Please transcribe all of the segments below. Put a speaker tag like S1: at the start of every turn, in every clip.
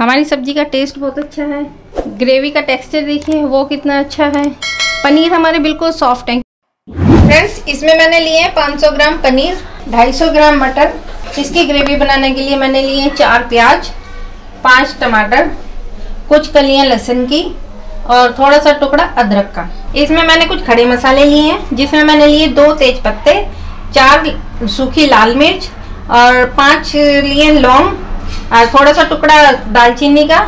S1: हमारी सब्जी का टेस्ट बहुत अच्छा है ग्रेवी का टेक्सचर देखिए वो कितना अच्छा है पनीर हमारे बिल्कुल सॉफ्ट है फ्रेंड्स इसमें मैंने लिए हैं 500 ग्राम पनीर 250 ग्राम मटर इसकी ग्रेवी बनाने के लिए मैंने लिए हैं चार प्याज पाँच टमाटर कुछ कलियाँ लहसुन की और थोड़ा सा टुकड़ा अदरक का इसमें मैंने कुछ खड़े मसाले लिए हैं जिसमें मैंने लिए दो तेज पत्ते चार सूखी लाल मिर्च और पाँच लिए लौंग और थोड़ा सा टुकड़ा दालचीनी का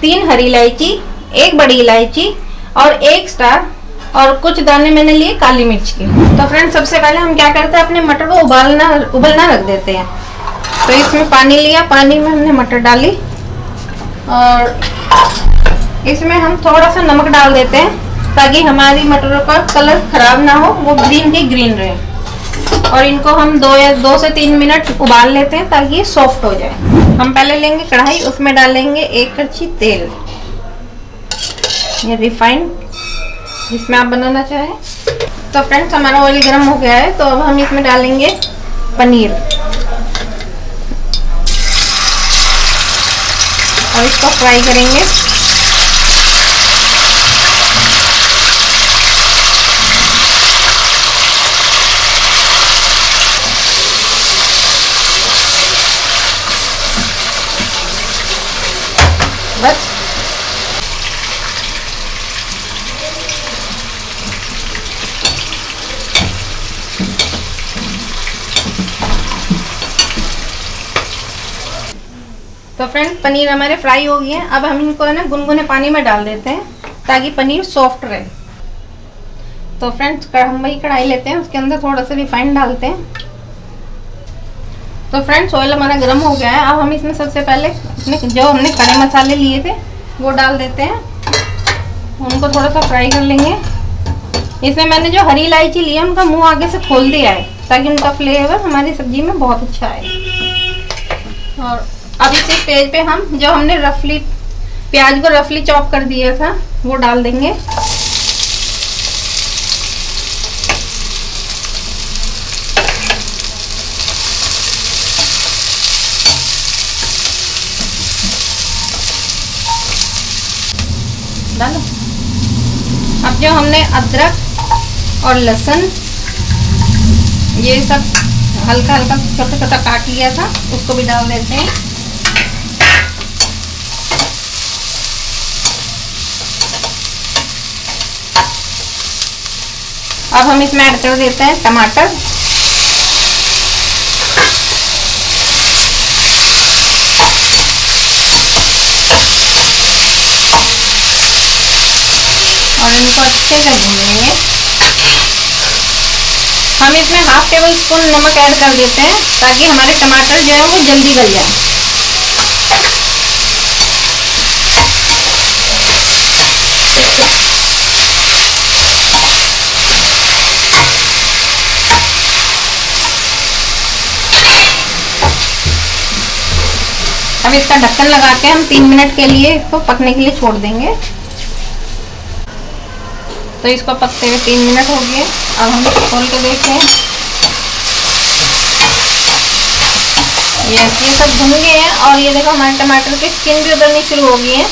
S1: तीन हरी इलायची एक बड़ी इलायची और एक स्टार और कुछ दाने मैंने लिए काली मिर्च के तो फ्रेंड सबसे पहले हम क्या करते हैं अपने मटर को उबालना उबलना रख देते हैं तो इसमें पानी लिया पानी में हमने मटर डाली और इसमें हम थोड़ा सा नमक डाल देते हैं ताकि हमारी मटरों का कलर ख़राब ना हो वो ग्रीन ही ग्रीन रहे और इनको हम दो या दो से तीन मिनट उबाल लेते हैं ताकि ये सॉफ्ट हो जाए हम पहले लेंगे कढ़ाई उसमें डालेंगे एक कच्ची तेल ये रिफाइंड जिसमें आप बनाना चाहें तो फ्रेंड्स हमारा ऑयल गर्म हो गया है तो अब हम इसमें डालेंगे पनीर और इसको फ्राई करेंगे बस तो फ्रेंड पनीर हमारे फ्राई हो गए हैं अब हम इनको है ना गुनगुने पानी में डाल देते हैं ताकि पनीर सॉफ्ट रहे तो फ्रेंड्स हम वही कढ़ाई लेते हैं उसके अंदर थोड़ा सा रिफाइंड डालते हैं तो फ्रेंड्स ऑयल हमारा गर्म हो गया है अब हम इसमें सबसे पहले अपने जो हमने कड़े मसाले लिए थे वो डाल देते हैं उनको थोड़ा सा फ्राई कर लेंगे इसमें मैंने जो हरी इलायची ली है उनका मुंह आगे से खोल दिया है ताकि उनका फ्लेवर हमारी सब्जी में बहुत अच्छा आए और अब इसी पेज पे हम जो हमने रफली प्याज को रफली चॉप कर दिया था वो डाल देंगे डालो अब जो हमने अदरक और लहसुन ये सब हल्का हल्का छोटा छोटा काट लिया था उसको भी डाल देते हैं अब हम इसमें ऐड कर देते हैं टमाटर और इनको अच्छे से लेंगे हम इसमें हाफ टेबल स्पून नमक ऐड कर देते हैं ताकि हमारे टमाटर जो है वो जल्दी गल जाए अब इसका ढक्कन लगा के हम तीन मिनट के लिए इसको पकने के लिए छोड़ देंगे तो इसको पकते हुए तीन मिनट हो गए अब हम खोल के देखते हैं ये ये सब भुन गए हैं और ये देखो हमारे टमाटर की स्किन भी उतरनी शुरू हो गई है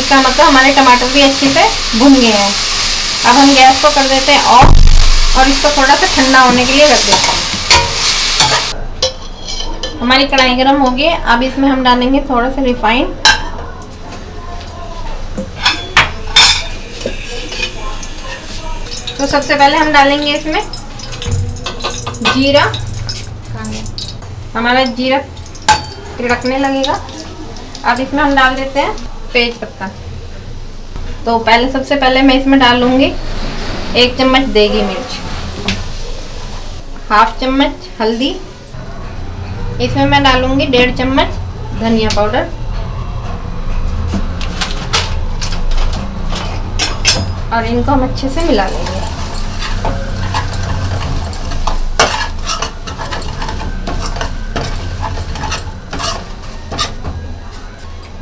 S1: इसका मतलब हमारे टमाटर भी अच्छे से भुन गए हैं अब हम गैस को कर देते हैं ऑफ और इसको थोड़ा सा ठंडा होने के लिए रख देते हैं हमारी कढ़ाई गर्म हो गई अब इसमें हम डालेंगे थोड़ा सा रिफाइंड तो सबसे पहले हम डालेंगे इसमें जीरा हमारा जीरा तिड़कने लगेगा अब इसमें हम डाल देते हैं तेज पत्ता तो पहले सबसे पहले मैं इसमें डाल लूँगी एक चम्मच देगी मिर्च हाफ चम्मच हल्दी इसमें मैं डालूँगी डेढ़ चम्मच धनिया पाउडर और इनको हम अच्छे से मिला लेंगे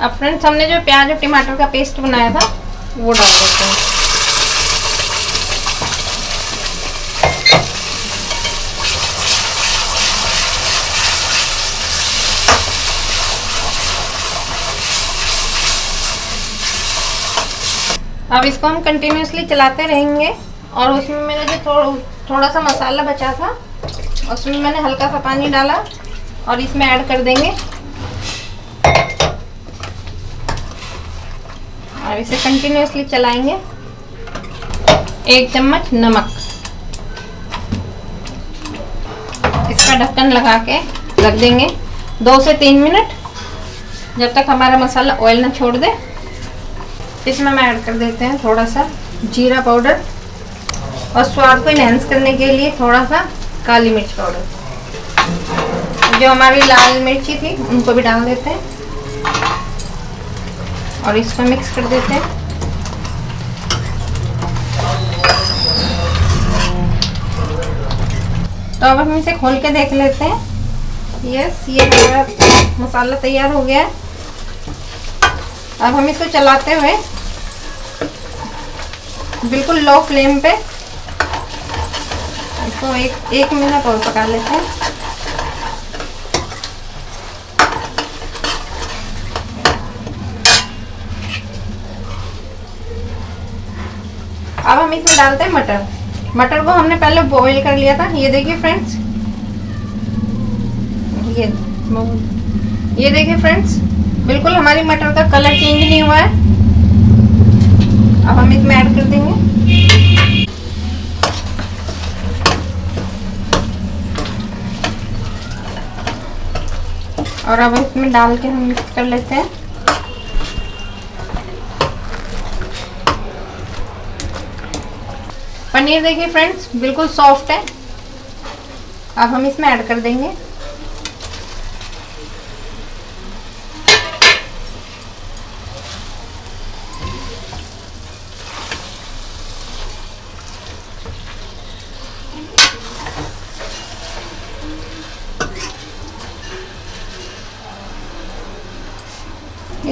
S1: अब फ्रेंड्स हमने जो प्याज और टमाटर का पेस्ट बनाया था वो डाल देते हैं अब इसको हम कंटिन्यूसली चलाते रहेंगे और उसमें मैंने जो थोड़ा थोड़ा सा मसाला बचा था उसमें मैंने हल्का सा पानी डाला और इसमें ऐड कर देंगे अब इसे कंटिन्यूसली चलाएंगे एक चम्मच नमक इसका ढक्कन लगा के रख देंगे दो से तीन मिनट जब तक हमारा मसाला ऑयल ना छोड़ दे इसमें हम ऐड कर देते हैं थोड़ा सा जीरा पाउडर और स्वाद को इनहेंस करने के लिए थोड़ा सा काली मिर्च पाउडर जो हमारी लाल मिर्ची थी उनको भी डाल देते हैं और इसमें मिक्स कर देते हैं तो अब हम इसे खोल के देख लेते हैं यस ये हमारा मसाला तैयार हो गया है अब हम इसको चलाते हुए बिल्कुल लो फ्लेम पे इसको एक एक मिनट और पका लेते हैं अब हम इसमें डालते हैं मटर मटर को हमने पहले बॉईल कर लिया था ये देखिए फ्रेंड्स ये ये देखिए फ्रेंड्स बिल्कुल हमारी मटर का कलर चेंज नहीं हुआ है अब हम इसमें ऐड कर देंगे और अब इसमें डाल के हम मिक्स कर लेते हैं पनीर देखिए फ्रेंड्स बिल्कुल सॉफ्ट है अब हम इसमें ऐड कर देंगे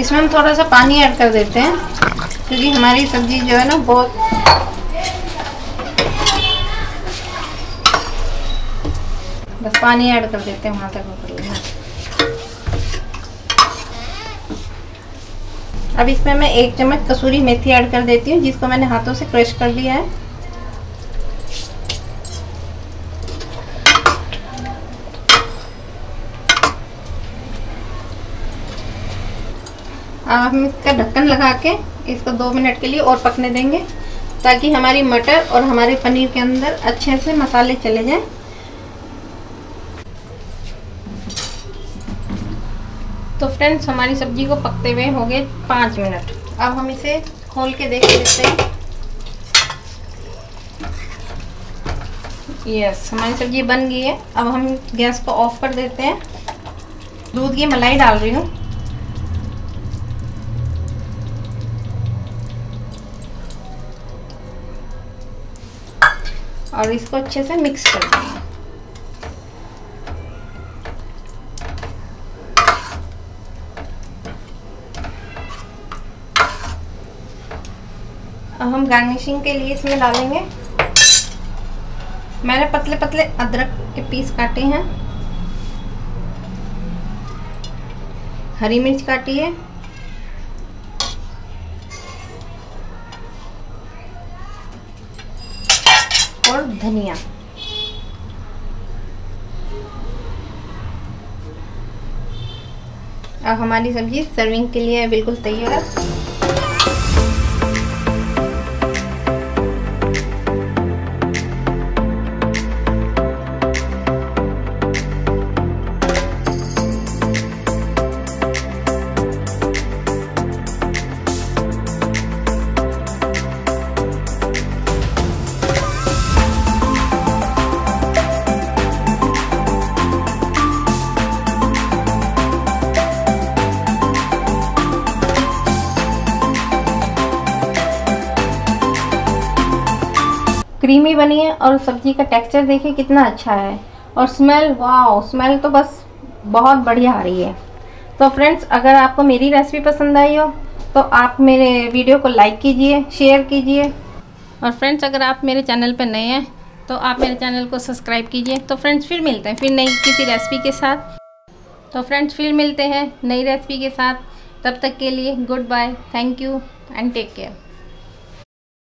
S1: इसमें हम थोड़ा सा पानी ऐड कर देते हैं क्योंकि हमारी सब्जी जो है ना बहुत बस पानी ऐड कर देते हैं वहाँ तक वो कर अब इसमें मैं एक चम्मच कसूरी मेथी ऐड कर देती हूँ जिसको मैंने हाथों से क्रश कर लिया है अब हम इसका ढक्कन लगा के इसको दो मिनट के लिए और पकने देंगे ताकि हमारी मटर और हमारे पनीर के अंदर अच्छे से मसाले चले जाएं तो फ्रेंड्स हमारी सब्जी को पकते हुए हो गए पाँच मिनट अब हम इसे खोल के देख लेते हैं यस हमारी सब्जी बन गई है अब हम गैस को ऑफ कर देते हैं दूध की मलाई डाल रही हूँ और इसको अच्छे से मिक्स कर देंगे अब हम गार्निशिंग के लिए इसमें डालेंगे मैंने पतले पतले अदरक के पीस काटे हैं हरी मिर्च काटी है और धनिया अब हमारी सब्जी सर्विंग के लिए बिल्कुल तैयार है क्रीमी बनी है और सब्जी का टेक्सचर देखिए कितना अच्छा है और स्मेल वाओ स्मेल तो बस बहुत बढ़िया आ रही है तो फ्रेंड्स अगर आपको मेरी रेसिपी पसंद आई हो तो आप मेरे वीडियो को लाइक कीजिए शेयर कीजिए और फ्रेंड्स अगर आप मेरे चैनल पर नए हैं तो आप मेरे चैनल को सब्सक्राइब कीजिए तो फ्रेंड्स फिर मिलते हैं फिर नई किसी रेसिपी के साथ तो फ्रेंड्स फिर मिलते हैं नई रेसिपी के साथ तब तक के लिए good bye thank you and take care